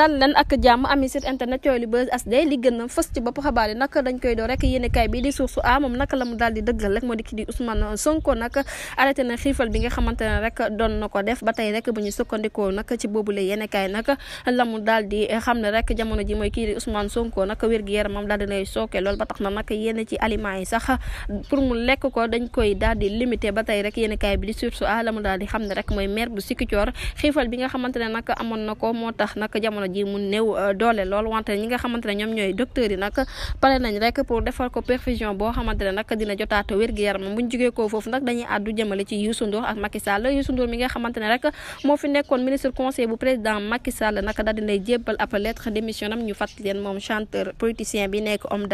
dal leen ak jàmm ami site internet yooyu li buzz HD gën a fës ci bopp xabaar yi nag dañ koy door rek yéen bi di source a moom nag la mu di ba tey rek bu xam ne rek mooy kii a la bu Sikicoor xiifal bi nga xamante ne amoon na ko moo tax nag jamono ji mu néew euh, doole lool wante ñi nga xamante ñoom ñooy docteurs yi nag pare nañ rek pour defal ko perfusion boo xamante ne dina jotaat wér-gu-yaram buñ moom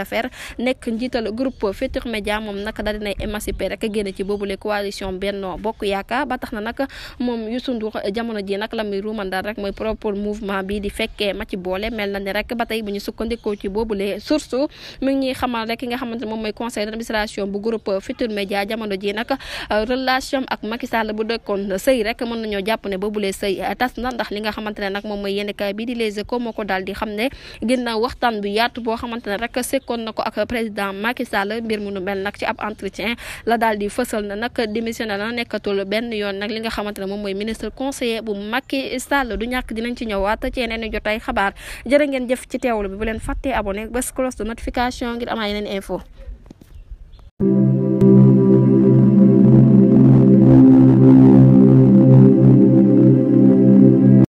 nekk njiital groupe Futurs Médias moom nag daal dinay émancipé rek génn ci boobule coalition Benno Bokk Yaakaar ba tax na nag moom Youssou Ndour jamono ji nag la muy ruumandal rek mooy propre mouvement bi di fekkee ma ci boole mel na ne rek ba tey bu ñu sukkandikoo ci boobule source mi ñuy xamal moom mooy conseil d' administration bu groupe Futurs Médias jamono ji nag euh, relation ak Macky Sall bu dëkkoon sëy rek mën nañoo jàpp ne boobule sëy euh, tas na ndax li nga xamante ne nag moom mooy yenn kaay bii di Les Échos moo ko daal di xam ne a waxtaan bu yaatu boo xamante ne rek sekkoon na ko ak président Macky Sall mbir mu nu mel nag ci ab entretien la daal di fësal na nag démissionné na nekkatul benn yoon nag li nga xamante ne moom mooy ministre conseiller bu Macky Sall du ñàkk dinañ ci ñëwaat ci yeneen seeni jotaay xabaar jërë ngeen jëf ci teewlu bi bu leen fàttee abonné bés cloche de notification ngir amaa yeneen info